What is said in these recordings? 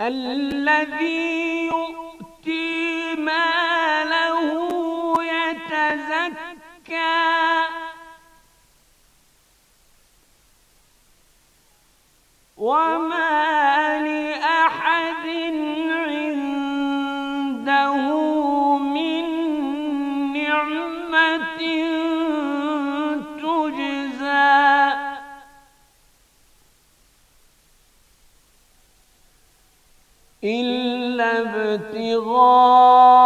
الذي يؤتي ماله يتزكى وما لأ ابتغاء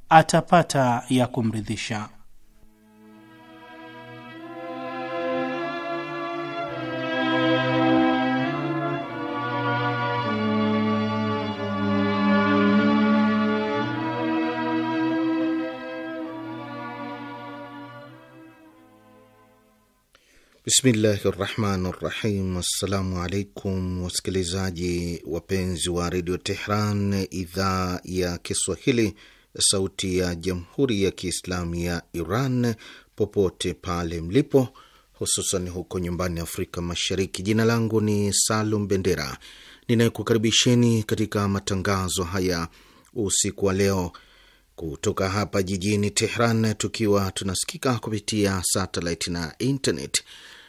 atapata ya kumridhisha. Bismillahi rahmani rahim. Assalamu alaikum wasikilizaji wapenzi wa redio Tehran idhaa ya Kiswahili Sauti ya Jamhuri ya Kiislamu ya Iran popote pale mlipo, hususan huko nyumbani Afrika Mashariki. Jina langu ni Salum Bendera ninayekukaribisheni katika matangazo haya usiku wa leo kutoka hapa jijini Tehran, tukiwa tunasikika kupitia satellite na internet.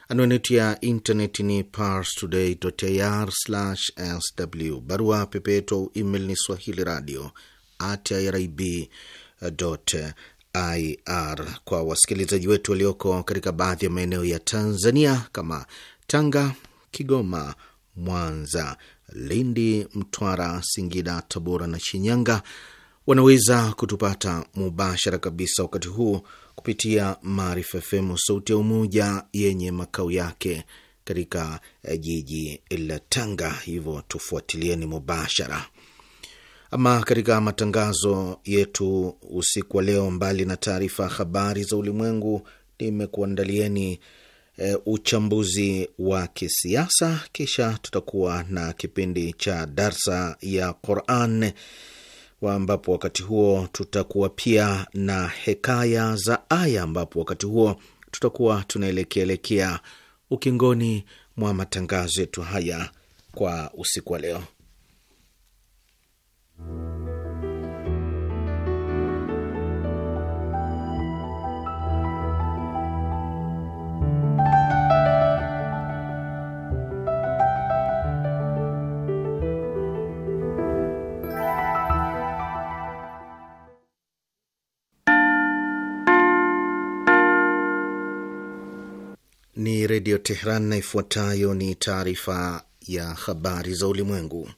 Anwani yetu ya internet ni parstoday.ir/sw, barua pepe yetu au email ni swahili radio at irib ir. Kwa wasikilizaji wetu walioko katika baadhi ya maeneo ya Tanzania kama Tanga, Kigoma, Mwanza, Lindi, Mtwara, Singida, Tabora na Shinyanga, wanaweza kutupata mubashara kabisa wakati huu kupitia Maarifa FM, sauti ya Umoja, yenye makao yake katika eh, jiji la Tanga. Hivyo tufuatilieni mubashara. Ama katika matangazo yetu usiku wa leo, mbali na taarifa ya habari za ulimwengu, nimekuandalieni e, uchambuzi wa kisiasa, kisha tutakuwa na kipindi cha darsa ya Quran ambapo wakati huo tutakuwa pia na hekaya za aya, ambapo wakati huo tutakuwa tunaelekeaelekea ukingoni mwa matangazo yetu haya kwa usiku wa leo. Redio Tehran na ifuatayo ni taarifa ya habari za ulimwengu.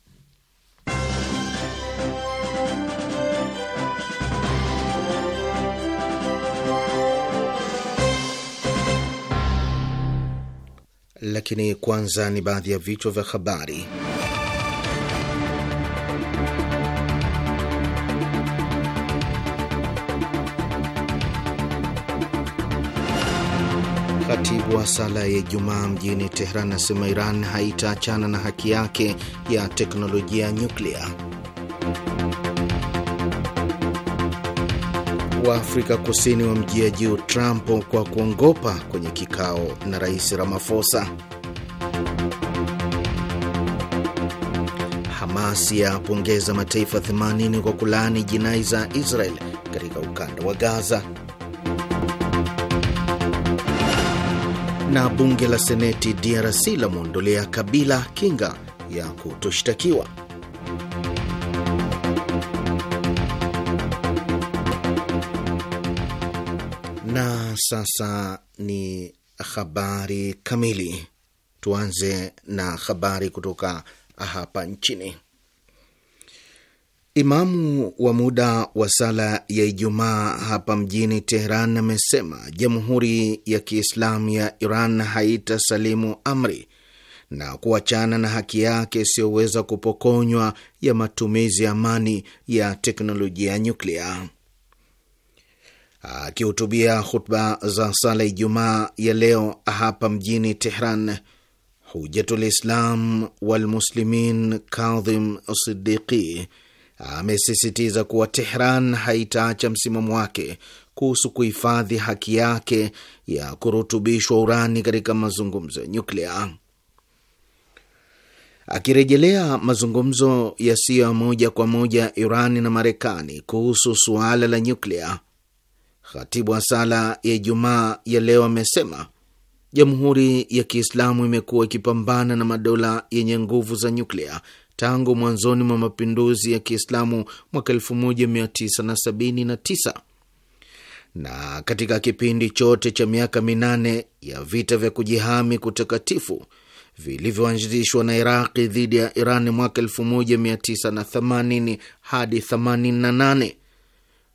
lakini kwanza ni baadhi ya vichwa vya habari. Katibu wa sala ya Ijumaa mjini Tehran asema Iran haitaachana na haki yake ya teknolojia ya nyuklia. wa Afrika Kusini wamjia juu Trump kwa kuongopa kwenye kikao na Rais Ramaphosa. Hamas yapongeza mataifa 80 kwa kulaani jinai za Israel katika ukanda wa Gaza. Na bunge la seneti DRC lamwondolea Kabila kinga ya kutoshtakiwa. sasa ni habari kamili. Tuanze na habari kutoka hapa nchini. Imamu wa muda wa sala ya Ijumaa hapa mjini Teheran amesema Jamhuri ya Kiislamu ya Iran haita salimu amri na kuachana na haki yake isiyoweza kupokonywa ya matumizi ya amani ya teknolojia ya nyuklia. Akihutubia hutuba za sala Ijumaa ya leo hapa mjini Tehran, Hujatul Islam Walmuslimin Kadhim Sidiqi amesisitiza kuwa Tehran haitaacha msimamo wake kuhusu kuhifadhi haki yake ya kurutubishwa urani katika mazungumzo ya nyuklia. Akirejelea mazungumzo yasiyo ya moja kwa moja iran na Marekani kuhusu suala la nyuklia, Khatibu wa sala ya Ijumaa ya leo amesema Jamhuri ya Kiislamu imekuwa ikipambana na madola yenye nguvu za nyuklia tangu mwanzoni mwa mapinduzi ya Kiislamu mwaka 1979 na katika kipindi chote cha miaka minane ya vita vya kujihami kutakatifu vilivyoanzishwa na Iraqi dhidi ya Iran mwaka 1980 hadi 88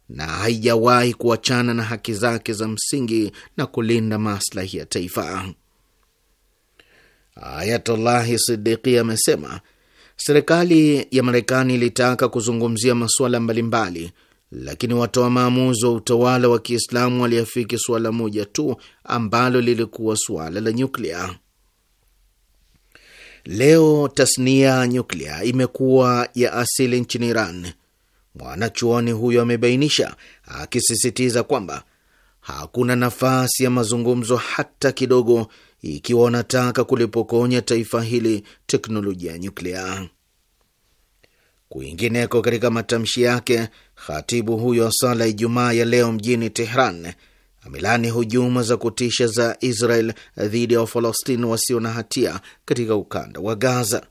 na haijawahi kuachana na haki zake za msingi na kulinda maslahi ya taifa. Ayatullahi Sidiki amesema serikali ya Marekani ilitaka kuzungumzia masuala mbalimbali, lakini watoa maamuzi wa utawala wa Kiislamu waliafiki suala moja tu ambalo lilikuwa suala la nyuklia. Leo tasnia ya nyuklia imekuwa ya asili nchini Iran mwanachuoni huyo amebainisha, akisisitiza kwamba hakuna nafasi ya mazungumzo hata kidogo, ikiwa wanataka kulipokonya taifa hili teknolojia ya nyuklia. Kwingineko, katika matamshi yake, khatibu huyo wa sala Ijumaa ya leo mjini Tehran amelani hujuma za kutisha za Israel dhidi ya Wafalastini wasio na hatia katika ukanda wa Gaza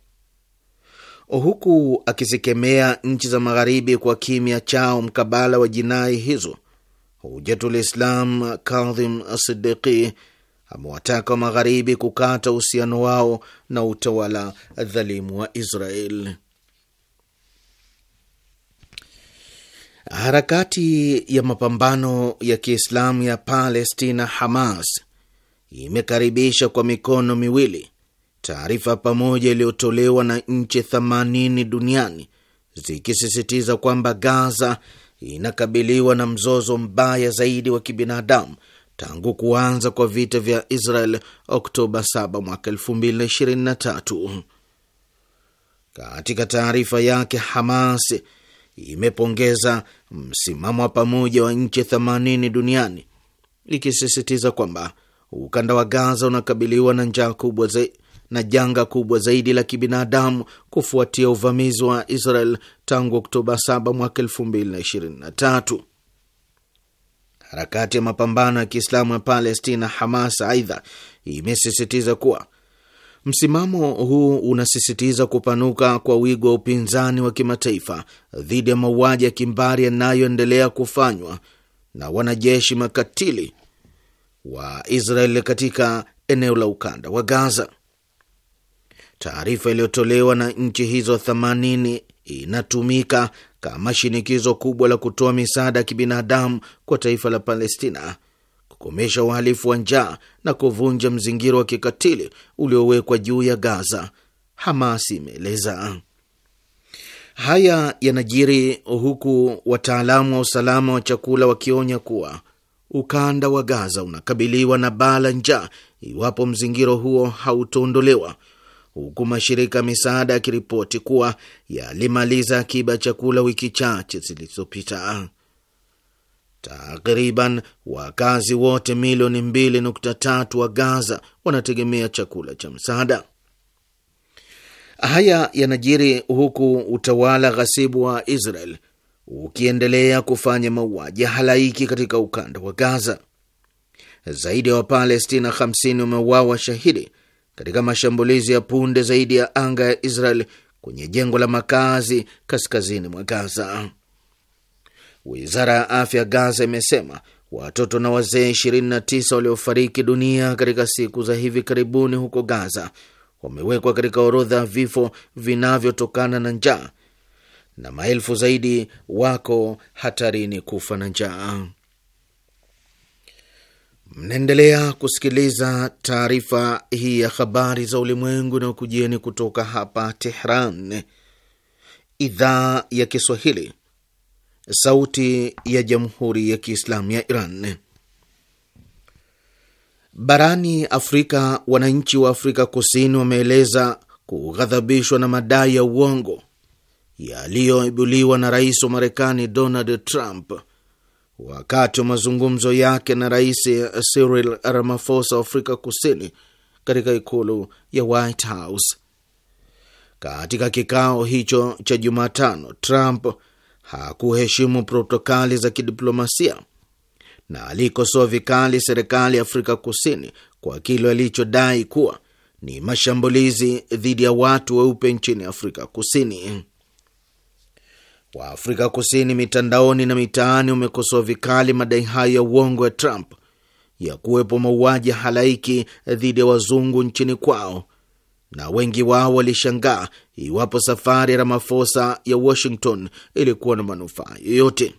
huku akizikemea nchi za magharibi kwa kimya chao mkabala wa jinai hizo. Hujatul Islam Kadhim Sidiki amewataka wa magharibi kukata uhusiano wao na utawala dhalimu wa Israel. Harakati ya mapambano ya Kiislamu ya Palestina, Hamas, imekaribisha kwa mikono miwili taarifa pamoja iliyotolewa na nchi 80 duniani zikisisitiza kwamba Gaza inakabiliwa na mzozo mbaya zaidi wa kibinadamu tangu kuanza kwa vita vya Israel Oktoba 7 mwaka 2023. Katika taarifa yake, Hamas imepongeza msimamo wa pamoja wa nchi 80 duniani ikisisitiza kwamba ukanda wa Gaza unakabiliwa na njaa kubwa zaidi na janga kubwa zaidi la kibinadamu kufuatia uvamizi wa Israel tangu Oktoba 7 mwaka 2023. Harakati ya mapambano ya Kiislamu ya Palestina, Hamas, aidha imesisitiza kuwa msimamo huu unasisitiza kupanuka kwa wigo wa upinzani wa kimataifa dhidi ya mauaji ya kimbari yanayoendelea kufanywa na wanajeshi makatili wa Israel katika eneo la ukanda wa Gaza. Taarifa iliyotolewa na nchi hizo 80 inatumika kama shinikizo kubwa la kutoa misaada ya kibinadamu kwa taifa la Palestina, kukomesha uhalifu wa njaa na kuvunja mzingiro wa kikatili uliowekwa juu ya Gaza, Hamas imeeleza. Haya yanajiri huku wataalamu wa usalama wa chakula wakionya kuwa ukanda wa Gaza unakabiliwa na baa la njaa iwapo mzingiro huo hautoondolewa, huku mashirika misaada yakiripoti kuwa yalimaliza akiba chakula wiki chache zilizopita. Takriban wakazi wote milioni 2.3 wa Gaza wanategemea chakula cha msaada. Haya yanajiri huku utawala ghasibu wa Israel ukiendelea kufanya mauaji halaiki katika ukanda wa Gaza. Zaidi ya Wapalestina 50 wameuawa shahidi katika mashambulizi ya punde zaidi ya anga ya Israel kwenye jengo la makazi kaskazini mwa Gaza. Wizara ya afya Gaza imesema watoto na wazee 29 waliofariki dunia katika siku za hivi karibuni huko Gaza wamewekwa katika orodha ya vifo vinavyotokana na njaa na maelfu zaidi wako hatarini kufa na njaa. Mnaendelea kusikiliza taarifa hii ya habari za ulimwengu na ukujieni kutoka hapa Tehran, idhaa ya Kiswahili, sauti ya jamhuri ya kiislamu ya Iran. Barani Afrika, wananchi wa Afrika Kusini wameeleza kughadhabishwa na madai ya uongo yaliyoibuliwa na rais wa Marekani Donald Trump wakati wa mazungumzo yake na Rais Cyril Ramaphosa wa Afrika Kusini katika ikulu ya White House. Katika kikao hicho cha Jumatano, Trump hakuheshimu protokali za kidiplomasia na alikosoa vikali serikali ya Afrika Kusini kwa kile alichodai kuwa ni mashambulizi dhidi ya watu weupe nchini Afrika Kusini wa Afrika Kusini mitandaoni na mitaani umekosoa vikali madai hayo ya uongo ya Trump ya kuwepo mauaji halaiki dhidi ya wazungu nchini kwao, na wengi wao walishangaa iwapo safari ya Ramafosa ya Washington ilikuwa na manufaa yoyote.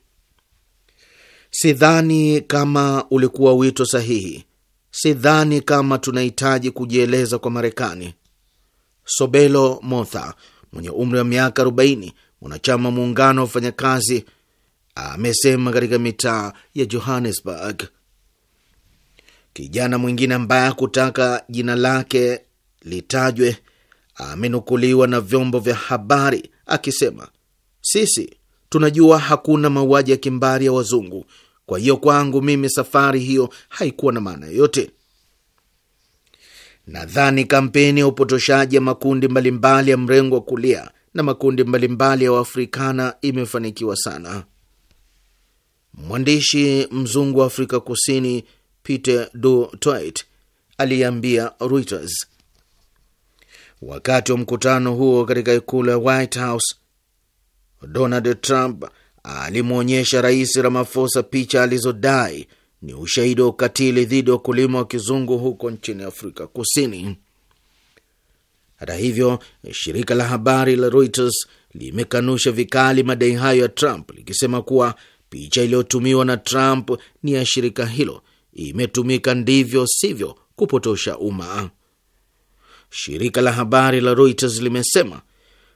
Sidhani kama ulikuwa wito sahihi. Sidhani kama tunahitaji kujieleza kwa Marekani. Sobelo Motha mwenye umri wa miaka 40 mwanachama muungano wa wafanyakazi, amesema katika mitaa ya Johannesburg. Kijana mwingine ambaye hakutaka jina lake litajwe amenukuliwa na vyombo vya habari akisema, sisi tunajua hakuna mauaji ya kimbari ya wazungu, kwa hiyo kwangu mimi safari hiyo haikuwa na maana yoyote. Nadhani kampeni ya upotoshaji ya makundi mbalimbali ya mrengo wa kulia na makundi mbalimbali ya Waafrikana imefanikiwa sana. Mwandishi mzungu wa Afrika Kusini Peter Du Toit aliambia Reuters wakati wa mkutano huo katika ikulu ya White House, Donald Trump alimwonyesha Rais Ramaphosa picha alizodai ni ushahidi wa ukatili dhidi ya wakulima wa kizungu huko nchini Afrika Kusini. Hata hivyo, shirika la habari la Reuters limekanusha vikali madai hayo ya Trump likisema kuwa picha iliyotumiwa na Trump ni ya shirika hilo imetumika ndivyo sivyo kupotosha umma. Shirika la habari la Reuters limesema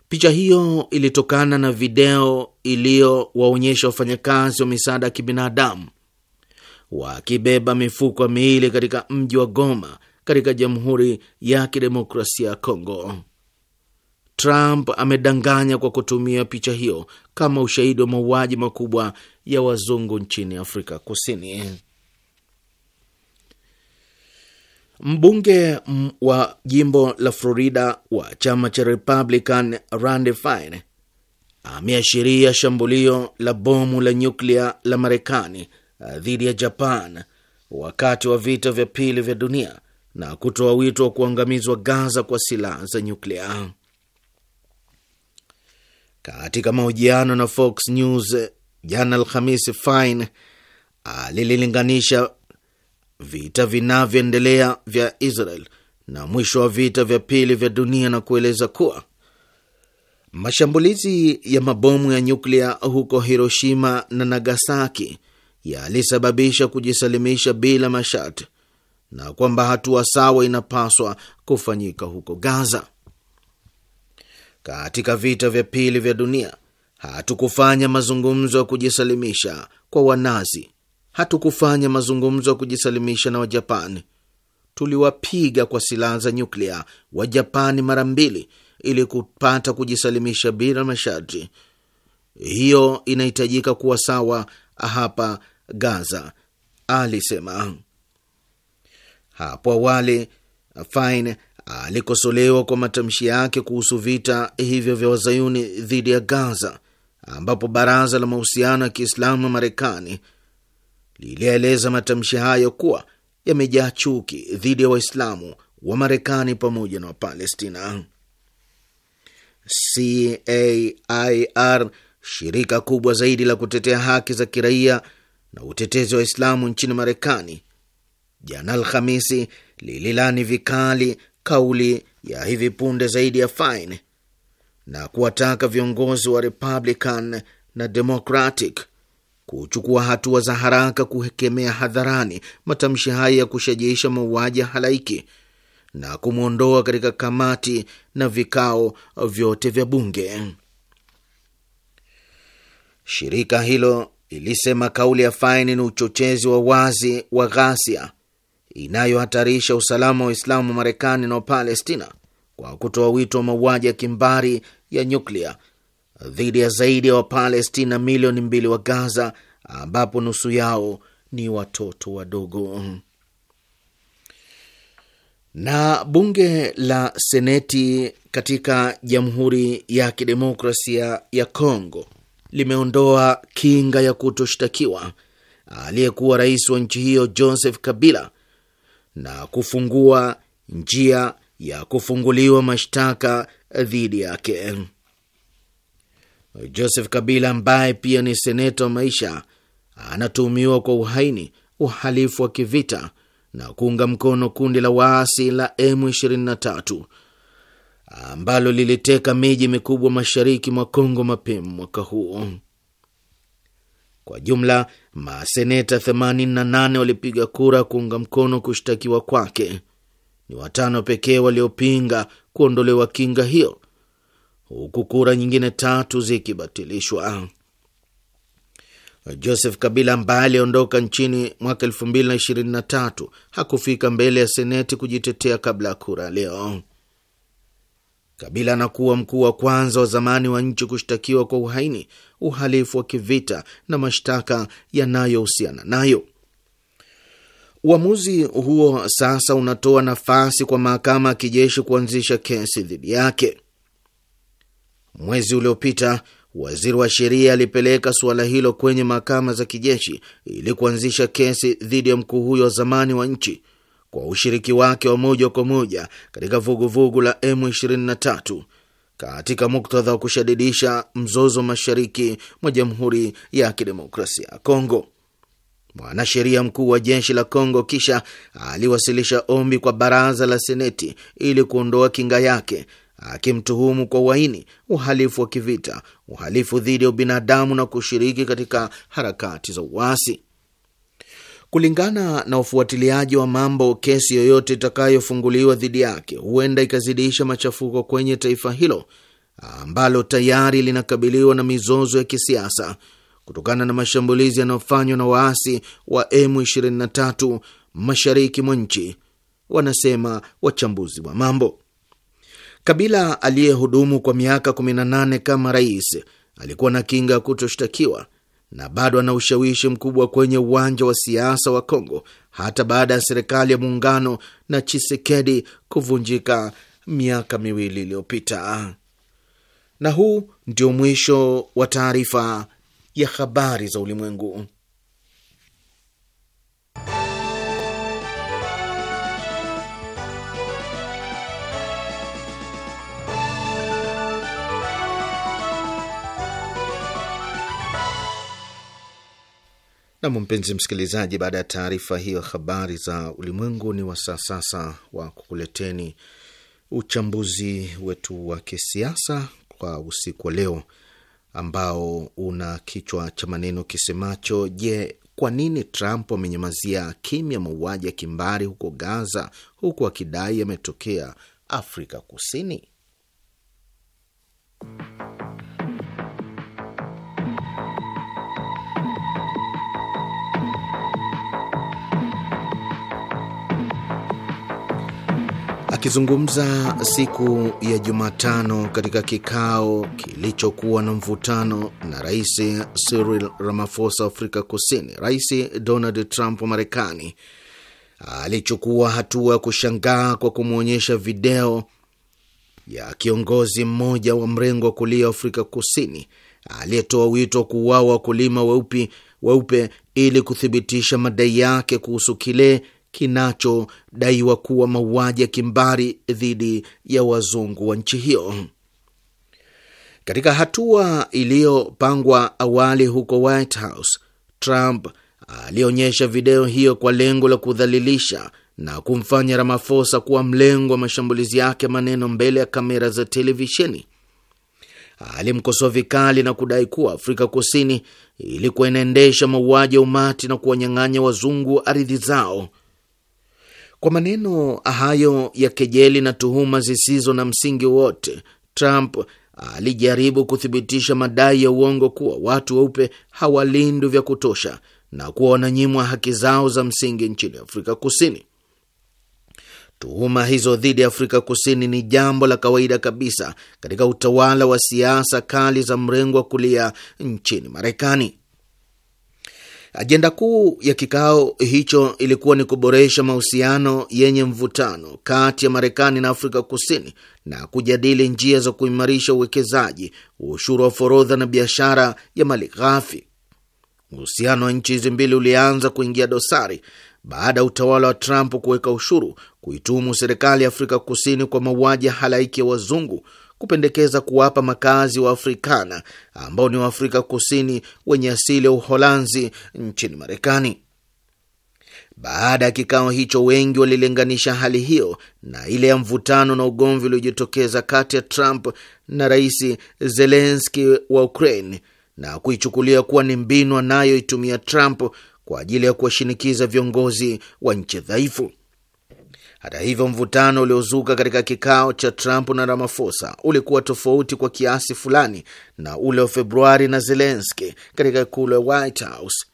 picha hiyo ilitokana na video iliyowaonyesha wafanyakazi wa misaada ya kibinadamu wakibeba mifuko ya miili katika mji wa Goma katika Jamhuri ya Kidemokrasia ya Kongo. Trump amedanganya kwa kutumia picha hiyo kama ushahidi wa mauaji makubwa ya wazungu nchini Afrika Kusini. Mbunge wa jimbo la Florida wa chama cha Republican Rand Fine ameashiria shambulio la bomu la nyuklia la Marekani uh, dhidi ya Japan wakati wa vita vya pili vya dunia na kutoa wito wa kuangamizwa Gaza kwa silaha za nyuklia. Katika mahojiano na Fox News jana Alhamisi, Fine alililinganisha vita vinavyoendelea vya Israel na mwisho wa vita vya pili vya dunia na kueleza kuwa mashambulizi ya mabomu ya nyuklia huko Hiroshima na Nagasaki yalisababisha kujisalimisha bila masharti na kwamba hatua sawa inapaswa kufanyika huko Gaza. Katika vita vya pili vya dunia hatukufanya mazungumzo ya kujisalimisha kwa Wanazi, hatukufanya mazungumzo ya kujisalimisha na Wajapani. Tuliwapiga kwa silaha za nyuklia Wajapani mara mbili ili kupata kujisalimisha bila masharti. Hiyo inahitajika kuwa sawa hapa Gaza, alisema. Hapo awali Fine alikosolewa kwa matamshi yake kuhusu vita hivyo vya wazayuni dhidi ya Gaza, ambapo baraza la mahusiano ya Kiislamu ya Marekani lilieleza matamshi hayo kuwa yamejaa chuki dhidi ya Waislamu wa Marekani pamoja na Wapalestina. CAIR, shirika kubwa zaidi la kutetea haki za kiraia na utetezi wa Waislamu nchini Marekani, jana Alhamisi lililani vikali kauli ya hivi punde zaidi ya Fine na kuwataka viongozi wa Republican na Democratic kuchukua hatua za haraka kuhekemea hadharani matamshi haya ya kushajiisha mauaji ya halaiki na kumwondoa katika kamati na vikao vyote vya bunge. Shirika hilo ilisema kauli ya Faini ni uchochezi wa wazi wa ghasia inayohatarisha usalama wa Waislamu wa Marekani na Wapalestina kwa kutoa wito wa mauaji ya kimbari ya nyuklia dhidi ya zaidi ya Wapalestina milioni mbili wa Gaza, ambapo nusu yao ni watoto wadogo. Na bunge la seneti katika Jamhuri ya Kidemokrasia ya Kongo limeondoa kinga ya kutoshtakiwa aliyekuwa rais wa nchi hiyo Joseph Kabila na kufungua njia ya kufunguliwa mashtaka dhidi yake. Joseph Kabila ambaye pia ni seneta wa maisha anatuhumiwa kwa uhaini, uhalifu wa kivita na kuunga mkono kundi la waasi la M23 ambalo liliteka miji mikubwa mashariki mwa Kongo mapema mwaka huu. Kwa jumla maseneta 88 walipiga kura kuunga mkono kushtakiwa kwake. Ni watano pekee waliopinga kuondolewa kinga hiyo, huku kura nyingine tatu zikibatilishwa. Joseph Kabila ambaye aliondoka nchini mwaka 2023 hakufika mbele ya seneti kujitetea kabla ya kura leo. Kabila anakuwa mkuu wa kwanza wa zamani wa nchi kushtakiwa kwa uhaini, uhalifu wa kivita na mashtaka yanayohusiana nayo. Uamuzi huo sasa unatoa nafasi kwa mahakama ya kijeshi kuanzisha kesi dhidi yake. Mwezi uliopita waziri wa sheria alipeleka suala hilo kwenye mahakama za kijeshi ili kuanzisha kesi dhidi ya mkuu huyo wa zamani wa nchi kwa ushiriki wake wa moja kwa moja katika vuguvugu la M23 katika muktadha wa kushadidisha mzozo mashariki mwa Jamhuri ya Kidemokrasia ya Kongo. Mwanasheria mkuu wa jeshi la Kongo kisha aliwasilisha ombi kwa baraza la seneti ili kuondoa kinga yake, akimtuhumu kwa uhaini, uhalifu wa kivita, uhalifu dhidi ya ubinadamu na kushiriki katika harakati za uasi. Kulingana na ufuatiliaji wa mambo, kesi yoyote itakayofunguliwa dhidi yake huenda ikazidisha machafuko kwenye taifa hilo ambalo tayari linakabiliwa na mizozo ya kisiasa kutokana na mashambulizi yanayofanywa na waasi wa M23 mashariki mwa nchi, wanasema wachambuzi wa mambo. Kabila aliyehudumu kwa miaka 18 kama rais alikuwa na kinga ya kutoshtakiwa na bado ana ushawishi mkubwa kwenye uwanja wa siasa wa Kongo hata baada ya serikali ya muungano na Chisekedi kuvunjika miaka miwili iliyopita. Na huu ndio mwisho wa taarifa ya habari za ulimwengu. Nam, mpenzi msikilizaji, baada ya taarifa hiyo habari za ulimwengu, ni wasaa sasa wa kukuleteni uchambuzi wetu wa kisiasa kwa usiku wa leo ambao una kichwa cha maneno kisemacho: Je, kwa nini Trump amenyamazia kimya mauaji ya kimbari huko Gaza, huku akidai yametokea Afrika Kusini? Akizungumza siku ya Jumatano katika kikao kilichokuwa na mvutano na Rais Cyril Ramaphosa Afrika Kusini, Rais Donald Trump wa Marekani alichukua hatua ya kushangaa kwa kumwonyesha video ya kiongozi mmoja wa mrengo wa kulia Afrika Kusini aliyetoa wito wa kuuawa wakulima weupe ili kuthibitisha madai yake kuhusu kile kinachodaiwa kuwa mauaji ya kimbari dhidi ya wazungu wa nchi hiyo. Katika hatua iliyopangwa awali huko White House, Trump alionyesha video hiyo kwa lengo la kudhalilisha na kumfanya Ramaphosa kuwa mlengo wa mashambulizi yake maneno mbele ya kamera za televisheni. Alimkosoa vikali na kudai kuwa Afrika Kusini ilikuwa inaendesha mauaji ya umati na kuwanyang'anya wazungu ardhi zao. Kwa maneno hayo ya kejeli na tuhuma zisizo na msingi wote, Trump alijaribu kuthibitisha madai ya uongo kuwa watu weupe hawalindwi vya kutosha na kuwa wananyimwa haki zao za msingi nchini Afrika Kusini. Tuhuma hizo dhidi ya Afrika Kusini ni jambo la kawaida kabisa katika utawala wa siasa kali za mrengo wa kulia nchini Marekani. Ajenda kuu ya kikao hicho ilikuwa ni kuboresha mahusiano yenye mvutano kati ya Marekani na Afrika Kusini na kujadili njia za kuimarisha uwekezaji, ushuru wa forodha na biashara ya mali ghafi. Uhusiano wa nchi hizi mbili ulianza kuingia dosari baada ya utawala wa Trump kuweka ushuru kuituhumu serikali ya Afrika Kusini kwa mauaji ya halaiki ya wazungu kupendekeza kuwapa makazi wa Afrikana ambao ni Waafrika Kusini wenye asili ya Uholanzi nchini Marekani. Baada ya kikao hicho, wengi walilinganisha hali hiyo na ile ya mvutano na ugomvi uliojitokeza kati ya Trump na Rais Zelenski wa Ukraine na kuichukulia kuwa ni mbinu anayoitumia Trump kwa ajili ya kuwashinikiza viongozi wa nchi dhaifu. Hata hivyo, mvutano uliozuka katika kikao cha Trump na Ramaphosa ulikuwa tofauti kwa kiasi fulani na ule wa Februari na zelenski katika ikulu ya White House.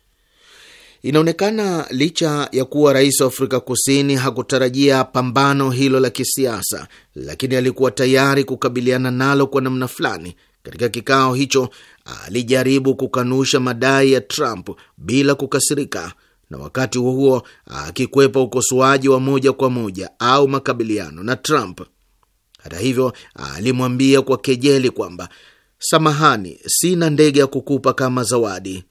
Inaonekana licha ya kuwa rais wa Afrika Kusini hakutarajia pambano hilo la kisiasa, lakini alikuwa tayari kukabiliana nalo kwa namna fulani. Katika kikao hicho alijaribu kukanusha madai ya Trump bila kukasirika na wakati huo huo akikwepa ukosoaji wa moja kwa moja au makabiliano na Trump. Hata hivyo, alimwambia kwa kejeli kwamba samahani, sina ndege ya kukupa kama zawadi.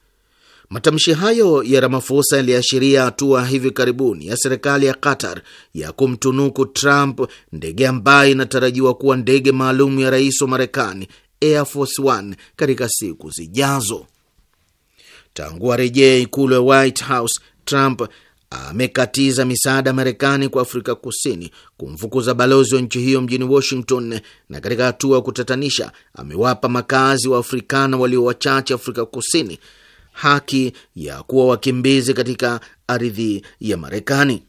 Matamshi hayo ya Ramaphosa yaliashiria hatua hivi karibuni ya serikali ya Qatar ya kumtunuku Trump ndege ambayo inatarajiwa kuwa ndege maalum ya rais wa Marekani, Air Force One, katika siku zijazo. Tangu arejea ikulu ya White House, Trump amekatiza misaada Marekani kwa Afrika Kusini, kumfukuza balozi wa nchi hiyo mjini Washington, na katika hatua ya kutatanisha amewapa makazi wa Afrikana walio wachache Afrika Kusini haki ya kuwa wakimbizi katika ardhi ya Marekani.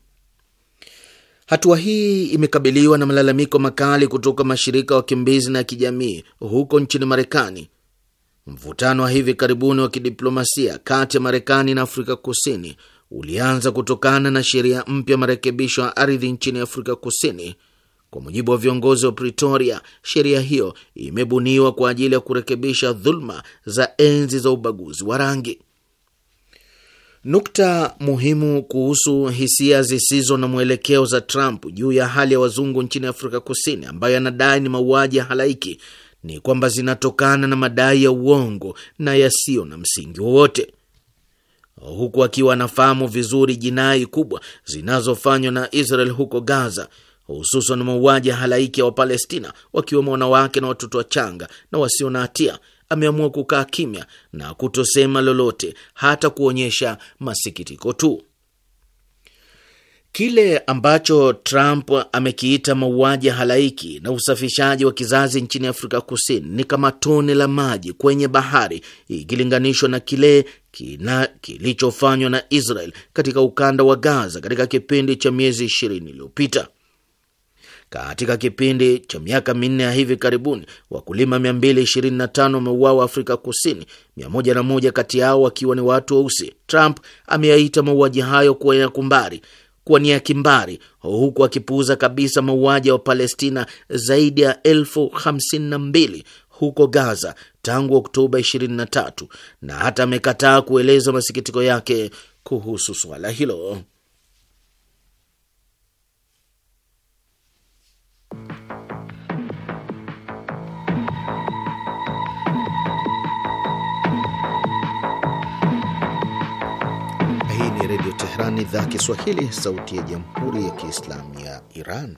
Hatua hii imekabiliwa na malalamiko makali kutoka mashirika ya wakimbizi na kijamii huko nchini Marekani. Mvutano wa hivi karibuni wa kidiplomasia kati ya Marekani na Afrika Kusini ulianza kutokana na sheria mpya marekebisho ya ardhi nchini Afrika Kusini. Kwa mujibu wa viongozi wa Pretoria, sheria hiyo imebuniwa kwa ajili ya kurekebisha dhuluma za enzi za ubaguzi wa rangi. Nukta muhimu kuhusu hisia zisizo na mwelekeo za Trump juu ya hali ya wazungu nchini Afrika Kusini, ambayo anadai ni mauaji ya halaiki, ni kwamba zinatokana na madai ya uongo na yasiyo na msingi wowote huku akiwa anafahamu vizuri jinai kubwa zinazofanywa na Israel huko Gaza, hususan mauaji ya halaiki ya Wapalestina, wakiwemo wanawake na watoto wachanga na wasio na hatia, ameamua kukaa kimya na kutosema lolote, hata kuonyesha masikitiko tu. Kile ambacho Trump amekiita mauaji halaiki na usafishaji wa kizazi nchini Afrika Kusini ni kama tone la maji kwenye bahari ikilinganishwa na kile kilichofanywa na Israel katika ukanda wa Gaza katika kipindi cha miezi ishirini iliyopita. Katika kipindi cha miaka minne ya hivi karibuni, wakulima 225 wameuawa Afrika Kusini, 101 kati yao wakiwa ni watu weusi. Trump ameyaita mauaji hayo kuwa ya kumbari kwa nia ya kimbari, huku akipuuza kabisa mauaji ya Wapalestina zaidi ya elfu hamsini na mbili huko Gaza tangu Oktoba 23 na hata amekataa kueleza masikitiko yake kuhusu suala hilo. Teherani, idhaa Kiswahili, sauti ya jamhuri ya kiislamu ya Iran.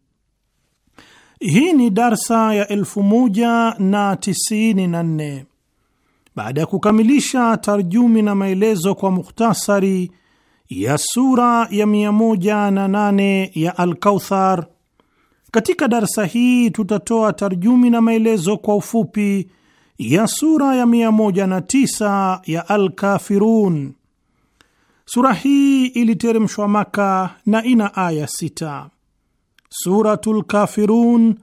Hii ni darsa ya nne. baada ya kukamilisha tarjumi na maelezo kwa mukhtasari ya sura ya nane ya Al-Kauthar. Katika darsa hii tutatoa tarjumi na maelezo kwa ufupi ya sura ya tisa ya Al-Kafirun. Sura hii iliteremshwa Maka na ina aya sita. Suratul Kafirun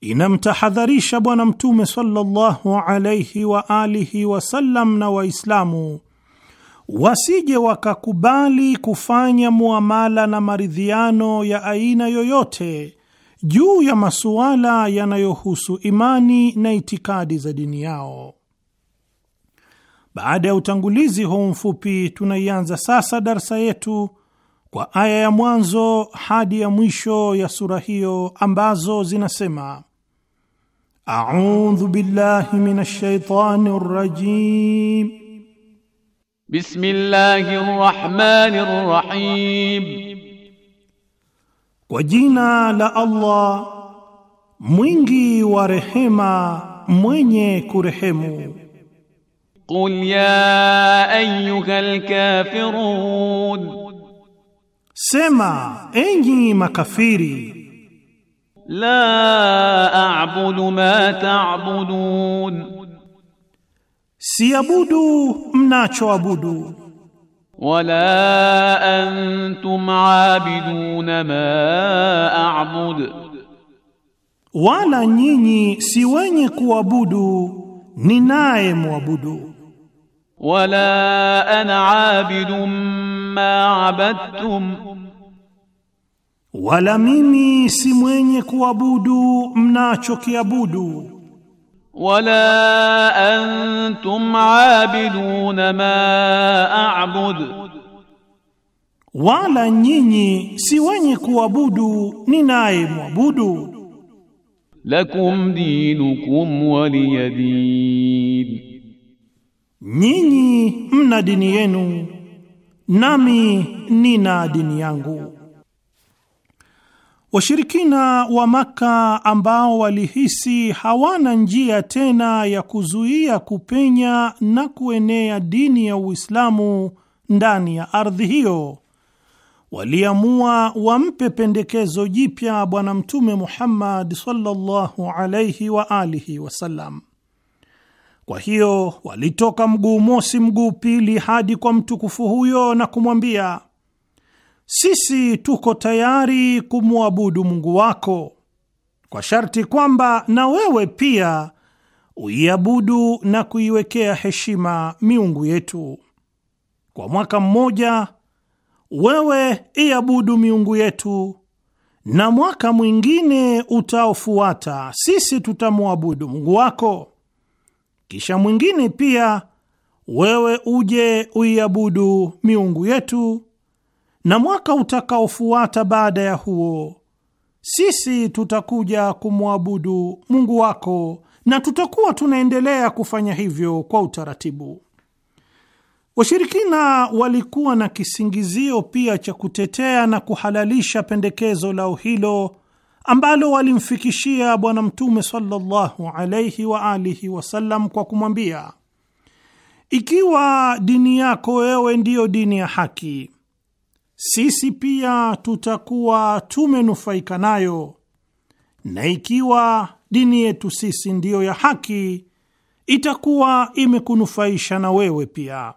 inamtahadharisha Bwana Mtume sallallahu alayhi wa alihi wasallam na Waislamu wasije wakakubali kufanya muamala na maridhiano ya aina yoyote juu ya masuala yanayohusu imani na itikadi za dini yao. Baada ya utangulizi huu mfupi, tunaianza sasa darsa yetu kwa aya ya mwanzo hadi ya mwisho ya sura hiyo ambazo zinasema: audhu billahi minash shaitani rrajim bismillahir rahmanir rrahim, kwa jina la Allah mwingi wa rehema mwenye kurehemu. Qul ya ayyuhal kafirun Sema, enyi makafiri, la a'budu ma ta'budun, siabudu mnachoabudu, wala antum aabiduna ma a'bud, wala nyinyi si wenye kuabudu ninaye muabudu, wala ana aabidum ma abadtum wala mimi si mwenye kuabudu mnachokiabudu, wala antum aabiduna ma a'bud, wala nyinyi si wenye kuabudu ninaye mwabudu. Lakum dinukum waliyadin, nyinyi mna dini yenu nami nina dini yangu. Washirikina wa Maka ambao walihisi hawana njia tena ya kuzuia kupenya na kuenea dini ya Uislamu ndani ya ardhi hiyo, waliamua wampe pendekezo jipya Bwana Mtume Muhammad sallallahu wa alihi wasallam. Kwa hiyo walitoka mguu mosi mguu pili hadi kwa mtukufu huyo na kumwambia sisi tuko tayari kumwabudu Mungu wako kwa sharti kwamba na wewe pia uiabudu na kuiwekea heshima miungu yetu. Kwa mwaka mmoja wewe iabudu miungu yetu, na mwaka mwingine utaofuata sisi tutamwabudu Mungu wako, kisha mwingine pia wewe uje uiabudu miungu yetu na mwaka utakaofuata baada ya huo sisi tutakuja kumwabudu Mungu wako na tutakuwa tunaendelea kufanya hivyo kwa utaratibu. Washirikina walikuwa na kisingizio pia cha kutetea na kuhalalisha pendekezo lao hilo ambalo walimfikishia Bwana Mtume sallallahu alaihi wa alihi wasallam kwa kumwambia, ikiwa dini yako wewe ndiyo dini ya haki sisi pia tutakuwa tumenufaika nayo, na ikiwa dini yetu sisi ndiyo ya haki, itakuwa imekunufaisha na wewe pia.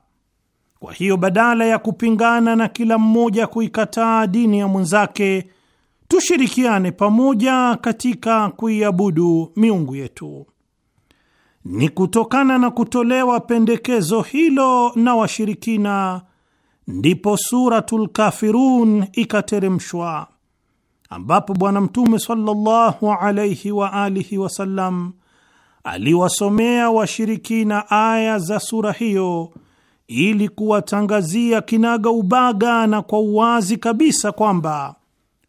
Kwa hiyo badala ya kupingana na kila mmoja kuikataa dini ya mwenzake, tushirikiane pamoja katika kuiabudu miungu yetu. Ni kutokana na kutolewa pendekezo hilo na washirikina ndipo Suratul Kafirun ikateremshwa, ambapo Bwana Mtume sallallahu alayhi wa alihi wasallam aliwasomea washirikina aya za sura hiyo ili kuwatangazia kinaga ubaga na kwa uwazi kabisa kwamba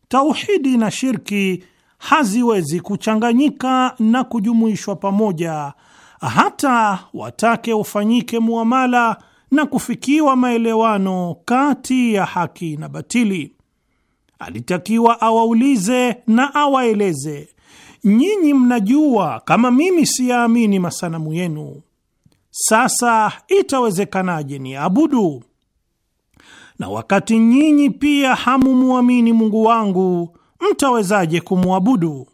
tauhidi na shirki haziwezi kuchanganyika na kujumuishwa pamoja, hata watake ufanyike muamala na kufikiwa maelewano kati ya haki na batili. Alitakiwa awaulize na awaeleze, nyinyi mnajua kama mimi siyaamini masanamu yenu, sasa itawezekanaje niabudu? Na wakati nyinyi pia hamumwamini Mungu wangu, mtawezaje kumwabudu?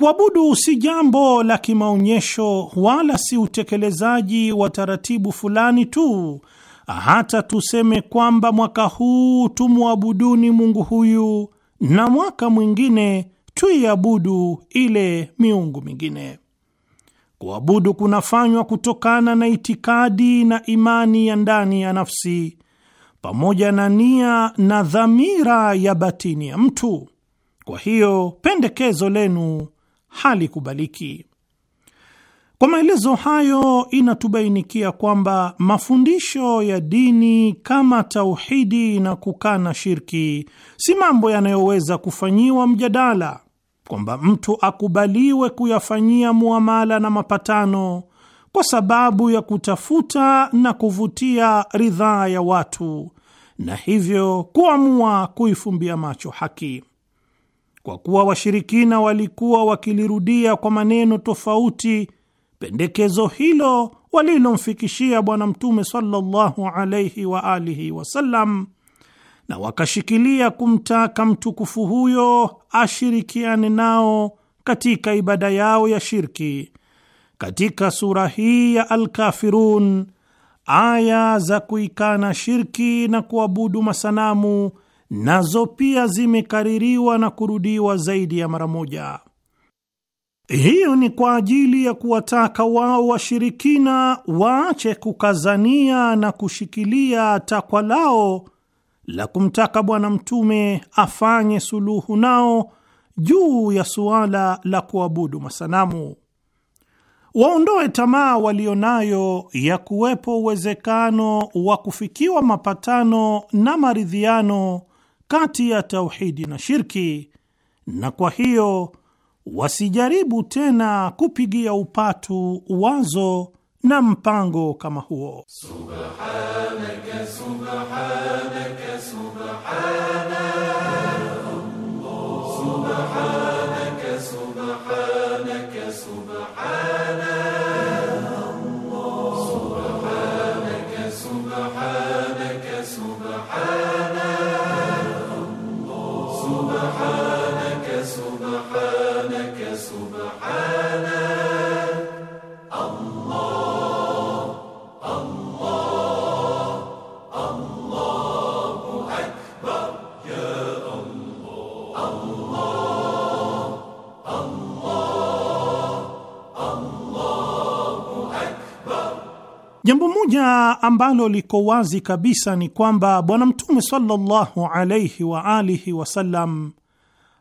Kuabudu si jambo la kimaonyesho wala si utekelezaji wa taratibu fulani tu, hata tuseme kwamba mwaka huu tumwabuduni Mungu huyu na mwaka mwingine tuiabudu ile miungu mingine. Kuabudu kunafanywa kutokana na itikadi na imani ya ndani ya nafsi pamoja na nia na dhamira ya batini ya mtu. Kwa hiyo pendekezo lenu halikubaliki. Kwa maelezo hayo inatubainikia kwamba mafundisho ya dini kama tauhidi na kukana shirki si mambo yanayoweza kufanyiwa mjadala, kwamba mtu akubaliwe kuyafanyia muamala na mapatano kwa sababu ya kutafuta na kuvutia ridhaa ya watu na hivyo kuamua kuifumbia macho haki kwa kuwa washirikina walikuwa wakilirudia kwa maneno tofauti pendekezo hilo walilomfikishia Bwana Mtume sallallahu alaihi wa alihi wasallam, na wakashikilia kumtaka mtukufu huyo ashirikiane nao katika ibada yao ya shirki. Katika sura hii ya Alkafirun, aya za kuikana shirki na kuabudu masanamu nazo pia zimekaririwa na kurudiwa zaidi ya mara moja. Hiyo ni kwa ajili ya kuwataka wao washirikina waache kukazania na kushikilia takwa lao la kumtaka Bwana Mtume afanye suluhu nao juu ya suala la kuabudu masanamu, waondoe tamaa walio nayo ya kuwepo uwezekano wa kufikiwa mapatano na maridhiano kati ya tauhidi na shirki, na kwa hiyo wasijaribu tena kupigia upatu wazo na mpango kama huo. Subhanaka, subhanaka, subhanaka. Subhanaka, subhanaka, subhanaka. Jambo moja ambalo liko wazi kabisa ni kwamba Bwana Mtume sallallahu alaihi wa alihi wasallam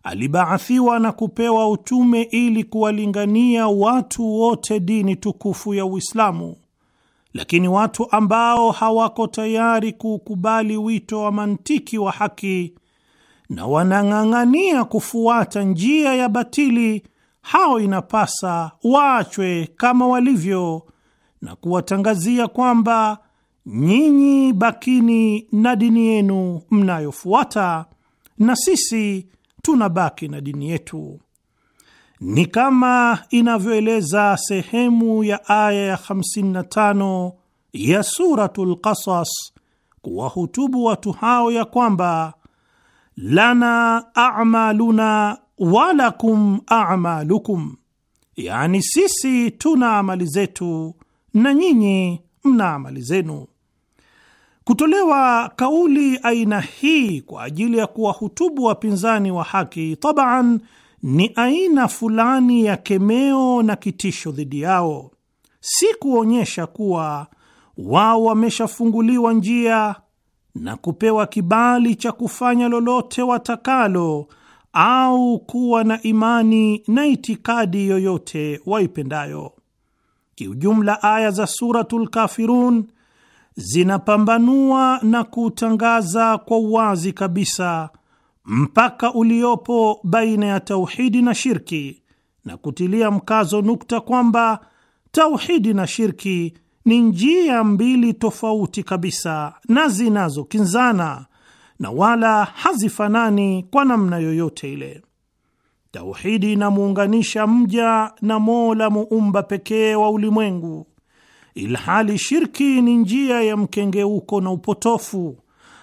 alibaathiwa na kupewa utume ili kuwalingania watu wote dini tukufu ya Uislamu, lakini watu ambao hawako tayari kuukubali wito wa mantiki wa haki na wanang'ang'ania kufuata njia ya batili, hao inapasa waachwe kama walivyo na kuwatangazia kwamba nyinyi bakini na dini yenu mnayofuata na sisi tunabaki na dini yetu. Ni kama inavyoeleza sehemu ya aya ya 55 ya Suratul Qasas kuwahutubu watu hao ya kwamba lana amaluna walakum amalukum, yani sisi tuna amali zetu na nyinyi mna amali zenu. Kutolewa kauli aina hii kwa ajili ya kuwahutubu wapinzani wa haki taban ni aina fulani ya kemeo na kitisho dhidi yao, si kuonyesha kuwa wao wameshafunguliwa njia na kupewa kibali cha kufanya lolote watakalo au kuwa na imani na itikadi yoyote waipendayo. Kiujumla, aya za Suratul Kafirun zinapambanua na kutangaza kwa uwazi kabisa mpaka uliopo baina ya tauhidi na shirki na kutilia mkazo nukta kwamba tauhidi na shirki ni njia mbili tofauti kabisa na zinazokinzana na wala hazifanani kwa namna yoyote ile. Tauhidi inamuunganisha mja na Mola muumba pekee wa ulimwengu, ilhali shirki ni njia ya mkengeuko na upotofu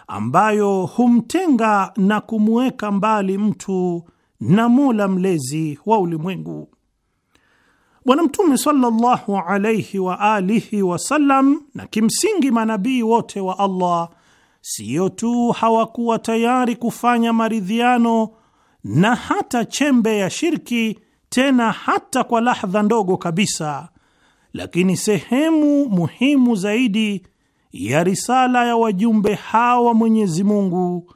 ambayo humtenga na kumweka mbali mtu na Mola mlezi wa ulimwengu. Bwana Mtume sallallahu alaihi wa alihi wasallam na kimsingi manabii wote wa Allah siyo tu hawakuwa tayari kufanya maridhiano na hata chembe ya shirki, tena hata kwa lahdha ndogo kabisa. Lakini sehemu muhimu zaidi ya risala ya wajumbe hawa mwenyezimungu Mwenyezi Mungu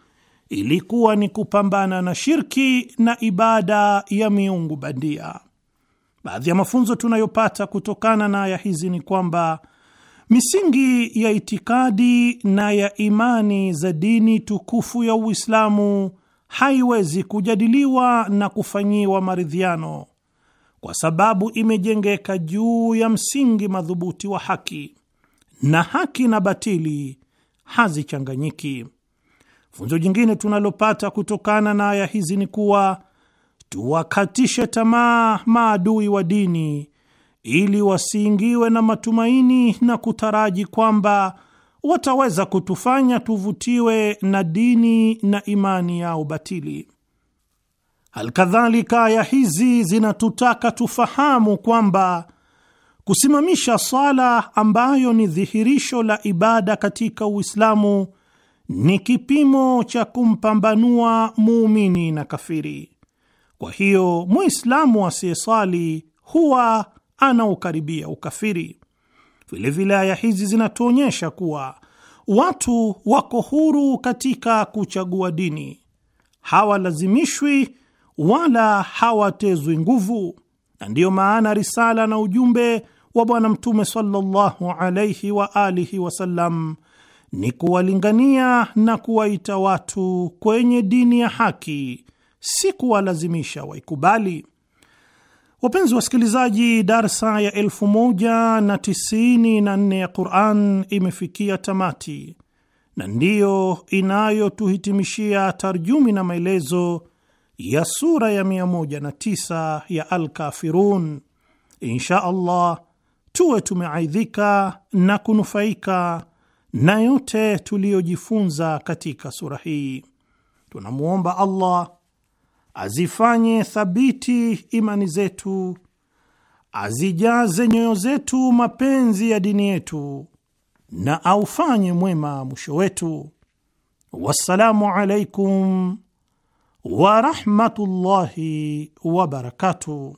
ilikuwa ni kupambana na shirki na ibada ya miungu bandia. Baadhi ya mafunzo tunayopata kutokana na aya hizi ni kwamba misingi ya itikadi na ya imani za dini tukufu ya Uislamu haiwezi kujadiliwa na kufanyiwa maridhiano kwa sababu imejengeka juu ya msingi madhubuti wa haki, na haki na batili hazichanganyiki. Funzo jingine tunalopata kutokana na aya hizi ni kuwa tuwakatishe tamaa maadui wa dini ili wasiingiwe na matumaini na kutaraji kwamba wataweza kutufanya tuvutiwe na dini na imani yao batili. Alkadhalika, aya hizi zinatutaka tufahamu kwamba kusimamisha swala ambayo ni dhihirisho la ibada katika Uislamu ni kipimo cha kumpambanua muumini na kafiri. Kwa hiyo Muislamu asiyeswali huwa anaukaribia ukafiri. Vilevile aya hizi zinatuonyesha kuwa watu wako huru katika kuchagua dini, hawalazimishwi wala hawatezwi nguvu, na ndiyo maana risala na ujumbe wa Bwana Mtume sallallahu alaihi wa alihi wasallam ni kuwalingania na kuwaita watu kwenye dini ya haki, si kuwalazimisha waikubali. Wapenzi wasikilizaji, darsa ya elfu na ya Quran imefikia tamati na ndiyo inayotuhitimishia tarjumi na maelezo ya sura ya 109 ya Alkafirun. Insha Allah tuwe tumeaidhika na kunufaika na yote tuliyojifunza katika sura hii. Tunamwomba Allah azifanye thabiti imani zetu, azijaze nyoyo zetu mapenzi ya dini yetu, na aufanye mwema mwisho wetu. Wassalamu alaikum warahmatullahi wabarakatuh.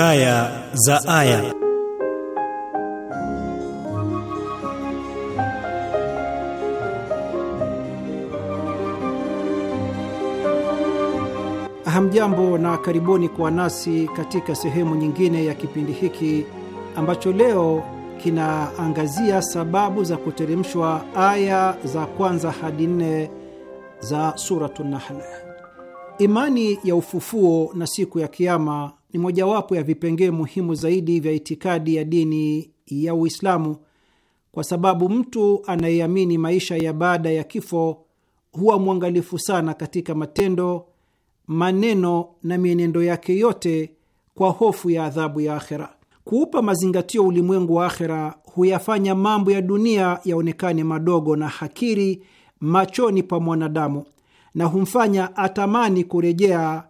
Hekaya za aya. Hamjambo na karibuni kwa nasi katika sehemu nyingine ya kipindi hiki ambacho leo kinaangazia sababu za kuteremshwa aya za kwanza hadi nne za Suratu Nahl. Imani ya ufufuo na siku ya Kiama ni mojawapo ya vipengee muhimu zaidi vya itikadi ya dini ya Uislamu, kwa sababu mtu anayeamini maisha ya baada ya kifo huwa mwangalifu sana katika matendo, maneno na mienendo yake yote kwa hofu ya adhabu ya akhera. Kuupa mazingatio ulimwengu wa akhera huyafanya mambo ya dunia yaonekane madogo na hakiri machoni pa mwanadamu na humfanya atamani kurejea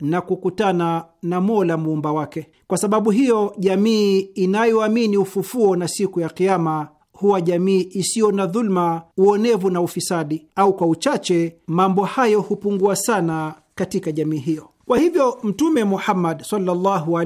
na kukutana na Mola muumba wake. Kwa sababu hiyo, jamii inayoamini ufufuo na siku ya Kiama huwa jamii isiyo na dhuluma, uonevu na ufisadi, au kwa uchache mambo hayo hupungua sana katika jamii hiyo. Kwa hivyo Mtume Muhammad sallallahu wa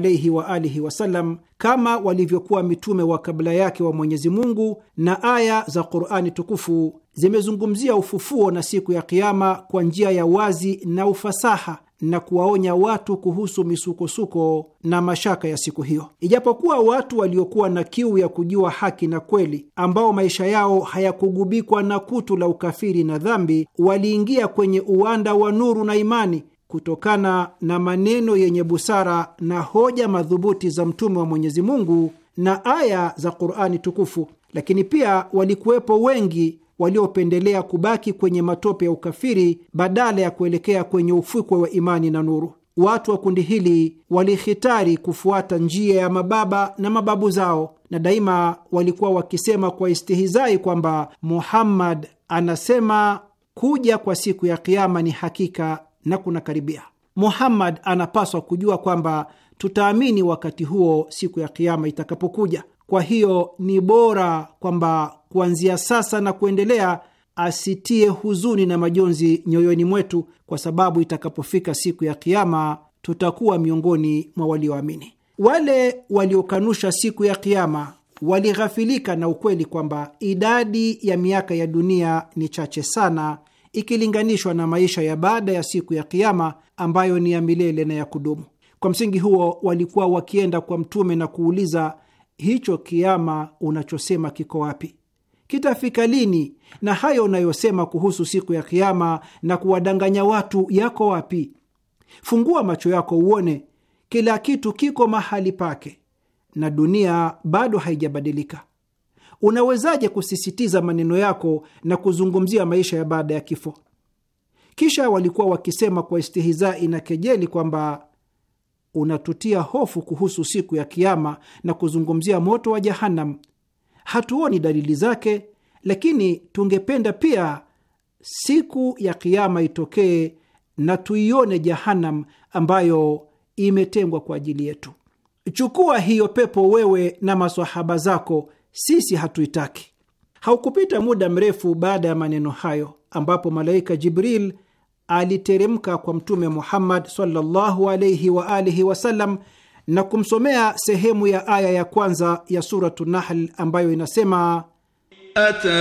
alihi wasallam, kama walivyokuwa mitume wa kabla yake wa Mwenyezi Mungu, na aya za Qurani tukufu zimezungumzia ufufuo na siku ya Kiama kwa njia ya wazi na ufasaha na kuwaonya watu kuhusu misukosuko na mashaka ya siku hiyo. Ijapokuwa watu waliokuwa na kiu ya kujua haki na kweli, ambao maisha yao hayakugubikwa na kutu la ukafiri na dhambi, waliingia kwenye uwanda wa nuru na imani kutokana na maneno yenye busara na hoja madhubuti za mtume wa Mwenyezi Mungu na aya za Qur'ani tukufu, lakini pia walikuwepo wengi waliopendelea kubaki kwenye matope ya ukafiri badala ya kuelekea kwenye ufukwe wa imani na nuru. Watu wa kundi hili walihitari kufuata njia ya mababa na mababu zao, na daima walikuwa wakisema kwa istihizai kwamba Muhammad anasema kuja kwa siku ya Kiama ni hakika na kunakaribia. Muhammad anapaswa kujua kwamba tutaamini wakati huo, siku ya Kiama itakapokuja. Kwa hiyo ni bora kwamba kuanzia sasa na kuendelea asitie huzuni na majonzi nyoyoni mwetu, kwa sababu itakapofika siku ya Kiama tutakuwa miongoni mwa walioamini. Wa wale waliokanusha siku ya Kiama walighafilika na ukweli kwamba idadi ya miaka ya dunia ni chache sana ikilinganishwa na maisha ya baada ya siku ya Kiama ambayo ni ya milele na ya kudumu. Kwa msingi huo, walikuwa wakienda kwa Mtume na kuuliza, hicho kiama unachosema kiko wapi? kitafika lini? Na hayo unayosema kuhusu siku ya Kiama na kuwadanganya watu yako wapi? Fungua macho yako uone, kila kitu kiko mahali pake na dunia bado haijabadilika. Unawezaje kusisitiza maneno yako na kuzungumzia maisha ya baada ya kifo? Kisha walikuwa wakisema kwa istihizai na kejeli kwamba unatutia hofu kuhusu siku ya Kiama na kuzungumzia moto wa Jahanam hatuoni dalili zake, lakini tungependa pia siku ya Kiama itokee na tuione Jahanam ambayo imetengwa kwa ajili yetu. Chukua hiyo pepo wewe na masahaba zako, sisi hatuitaki. Haukupita muda mrefu baada ya maneno hayo, ambapo malaika Jibril aliteremka kwa Mtume Muhammad sallallahu alaihi wa alihi wasallam na kumsomea sehemu ya aya ya kwanza ya Suratu Nahl ambayo inasema ata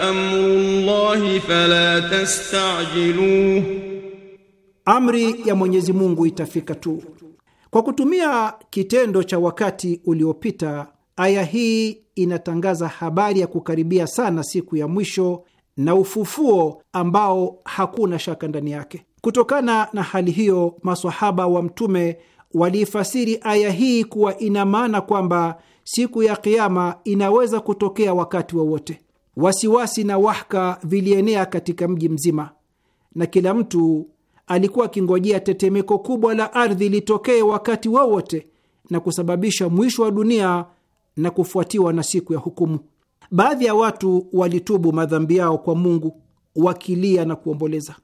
amrullahi fala tastajiluh, amri ya Mwenyezi Mungu itafika tu. Kwa kutumia kitendo cha wakati uliopita, aya hii inatangaza habari ya kukaribia sana siku ya mwisho na ufufuo ambao hakuna shaka ndani yake. Kutokana na hali hiyo, masahaba wa Mtume waliifasiri aya hii kuwa ina maana kwamba siku ya kiama inaweza kutokea wakati wowote wa wasiwasi na wahka vilienea katika mji mzima, na kila mtu alikuwa akingojea tetemeko kubwa la ardhi litokee wakati wowote wa na kusababisha mwisho wa dunia na kufuatiwa na siku ya hukumu. Baadhi ya watu walitubu madhambi yao kwa Mungu wakilia na kuomboleza,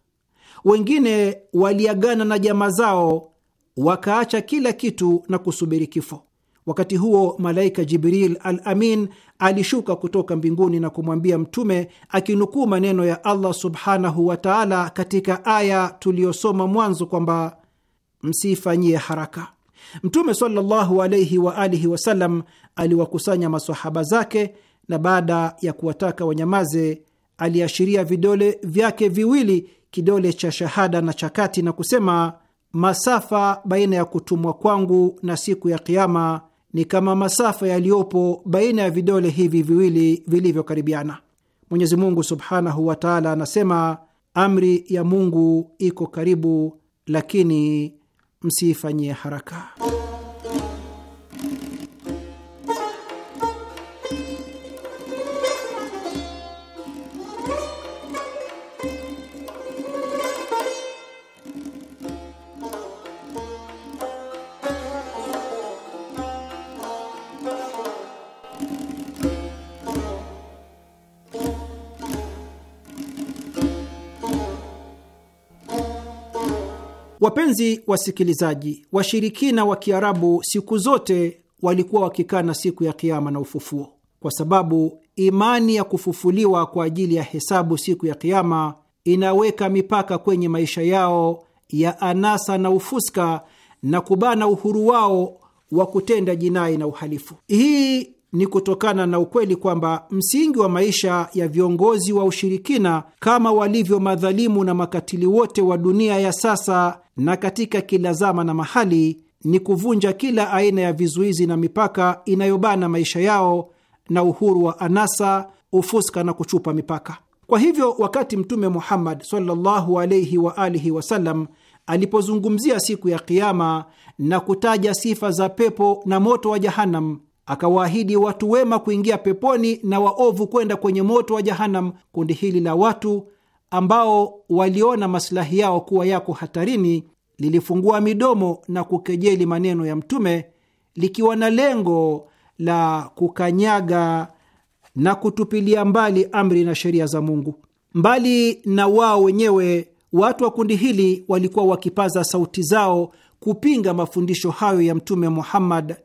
wengine waliagana na jamaa zao wakaacha kila kitu na kusubiri kifo. Wakati huo malaika Jibril al Amin alishuka kutoka mbinguni na kumwambia Mtume akinukuu maneno ya Allah subhanahu wa taala katika aya tuliyosoma mwanzo kwamba msiifanyie haraka. Mtume sallallahu alaihi wa alihi wasallam aliwakusanya masahaba zake na baada ya kuwataka wanyamaze, aliashiria vidole vyake viwili, kidole cha shahada na cha kati, na kusema masafa baina ya kutumwa kwangu na siku ya Kiama ni kama masafa yaliyopo baina ya vidole hivi viwili vilivyokaribiana. Mwenyezi Mungu subhanahu wa taala anasema, amri ya Mungu iko karibu, lakini msiifanyie haraka. Wapenzi wasikilizaji, washirikina wa Kiarabu siku zote walikuwa wakikana siku ya Kiama na ufufuo, kwa sababu imani ya kufufuliwa kwa ajili ya hesabu siku ya Kiama inaweka mipaka kwenye maisha yao ya anasa na ufuska na kubana uhuru wao wa kutenda jinai na uhalifu. Hii ni kutokana na ukweli kwamba msingi wa maisha ya viongozi wa ushirikina kama walivyo madhalimu na makatili wote wa dunia ya sasa na katika kila zama na mahali ni kuvunja kila aina ya vizuizi na mipaka inayobana maisha yao na uhuru wa anasa, ufuska na kuchupa mipaka. Kwa hivyo, wakati Mtume Muhammad sallallahu alayhi wa alihi wasallam alipozungumzia siku ya Kiama na kutaja sifa za pepo na moto wa Jahanam, akawaahidi watu wema kuingia peponi na waovu kwenda kwenye moto wa Jahanam. Kundi hili la watu ambao waliona masilahi yao kuwa yako hatarini lilifungua midomo na kukejeli maneno ya Mtume likiwa na lengo la kukanyaga na kutupilia mbali amri na sheria za Mungu. Mbali na wao wenyewe, watu wa kundi hili walikuwa wakipaza sauti zao kupinga mafundisho hayo ya Mtume Muhammad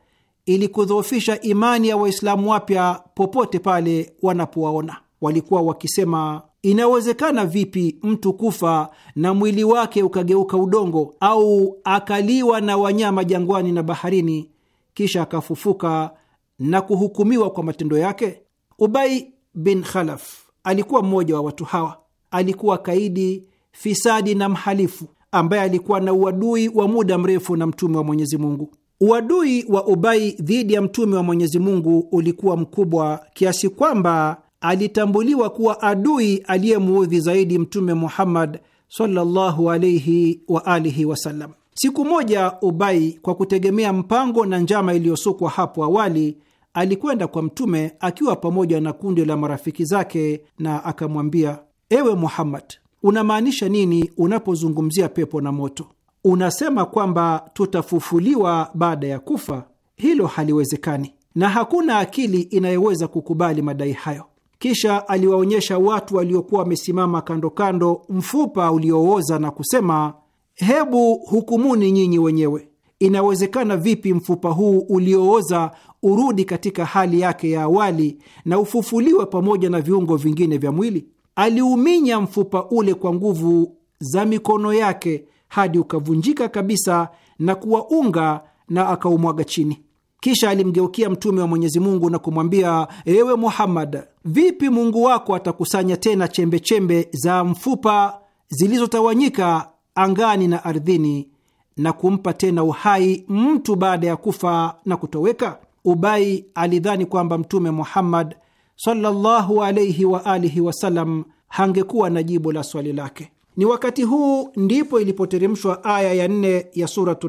ili kudhoofisha imani ya Waislamu wapya popote pale wanapowaona. Walikuwa wakisema, inawezekana vipi mtu kufa na mwili wake ukageuka udongo au akaliwa na wanyama jangwani na baharini, kisha akafufuka na kuhukumiwa kwa matendo yake? Ubay bin Khalaf alikuwa mmoja wa watu hawa. Alikuwa kaidi, fisadi na mhalifu ambaye alikuwa na uadui wa muda mrefu na Mtume wa Mwenyezi Mungu. Uadui wa Ubai dhidi ya mtume wa Mwenyezi Mungu ulikuwa mkubwa kiasi kwamba alitambuliwa kuwa adui aliyemuudhi zaidi Mtume Muhammad sallallahu alaihi wa alihi wasallam. Siku moja Ubai, kwa kutegemea mpango na njama iliyosukwa hapo awali, alikwenda kwa mtume akiwa pamoja na kundi la marafiki zake na akamwambia, ewe Muhammad, unamaanisha nini unapozungumzia pepo na moto? unasema kwamba tutafufuliwa baada ya kufa? Hilo haliwezekani, na hakuna akili inayoweza kukubali madai hayo. Kisha aliwaonyesha watu waliokuwa wamesimama kando kando mfupa uliooza na kusema, hebu hukumuni nyinyi wenyewe, inawezekana vipi mfupa huu uliooza urudi katika hali yake ya awali na ufufuliwe pamoja na viungo vingine vya mwili? Aliuminya mfupa ule kwa nguvu za mikono yake hadi ukavunjika kabisa na kuwa unga na akaumwaga chini. Kisha alimgeukia Mtume wa Mwenyezi Mungu na kumwambia, ewe Muhammad, vipi Mungu wako atakusanya tena chembechembe chembe za mfupa zilizotawanyika angani na ardhini na kumpa tena uhai mtu baada ya kufa na kutoweka? Ubai alidhani kwamba Mtume Muhammad sallallahu alaihi wa alihi wasallam hangekuwa na jibu la swali lake. Ni wakati huu ndipo ilipoteremshwa aya ya nne ya Suratu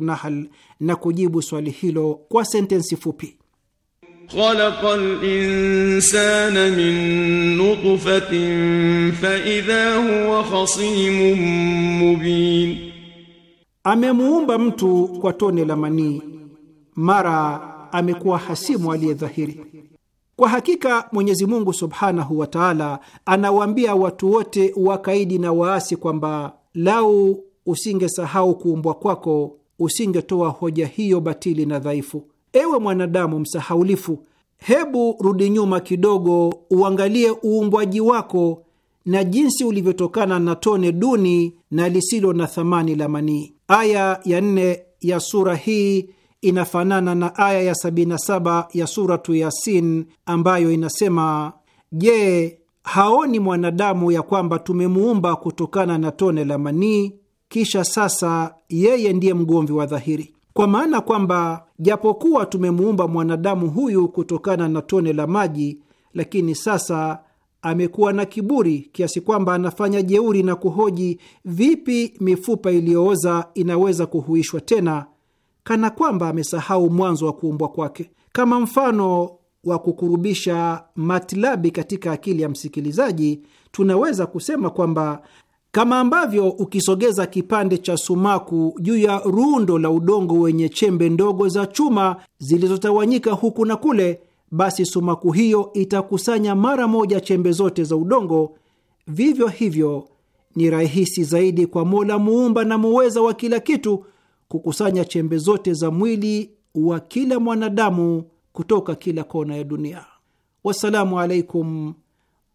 na kujibu swali hilo kwa sentensi fupi: Khalaqal insana min nutfatin fa idha huwa khasimun mubin, amemuumba mtu kwa tone la manii, mara amekuwa hasimu aliyedhahiri. Kwa hakika Mwenyezi Mungu subhanahu wa taala anawaambia watu wote wakaidi na waasi kwamba lau usingesahau kuumbwa kwako usingetoa hoja hiyo batili na dhaifu. Ewe mwanadamu msahaulifu, hebu rudi nyuma kidogo, uangalie uumbwaji wako na jinsi ulivyotokana na tone duni na lisilo na thamani la manii. Aya ya nne ya sura hii inafanana na aya ya 77 ya suratu Yasin ambayo inasema: Je, haoni mwanadamu ya kwamba tumemuumba kutokana na tone la manii, kisha sasa yeye ndiye mgomvi wa dhahiri? Kwa maana kwamba japokuwa tumemuumba mwanadamu huyu kutokana na tone la maji, lakini sasa amekuwa na kiburi kiasi kwamba anafanya jeuri na kuhoji, vipi mifupa iliyooza inaweza kuhuishwa tena kana kwamba amesahau mwanzo wa kuumbwa kwake. Kama mfano wa kukurubisha matilabi katika akili ya msikilizaji, tunaweza kusema kwamba kama ambavyo ukisogeza kipande cha sumaku juu ya rundo la udongo wenye chembe ndogo za chuma zilizotawanyika huku na kule, basi sumaku hiyo itakusanya mara moja chembe zote za udongo. Vivyo hivyo, ni rahisi zaidi kwa Mola muumba na muweza wa kila kitu kukusanya chembe zote za mwili wa kila mwanadamu kutoka kila kona ya dunia. Wassalamu alaikum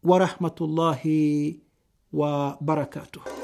warahmatullahi wabarakatuh.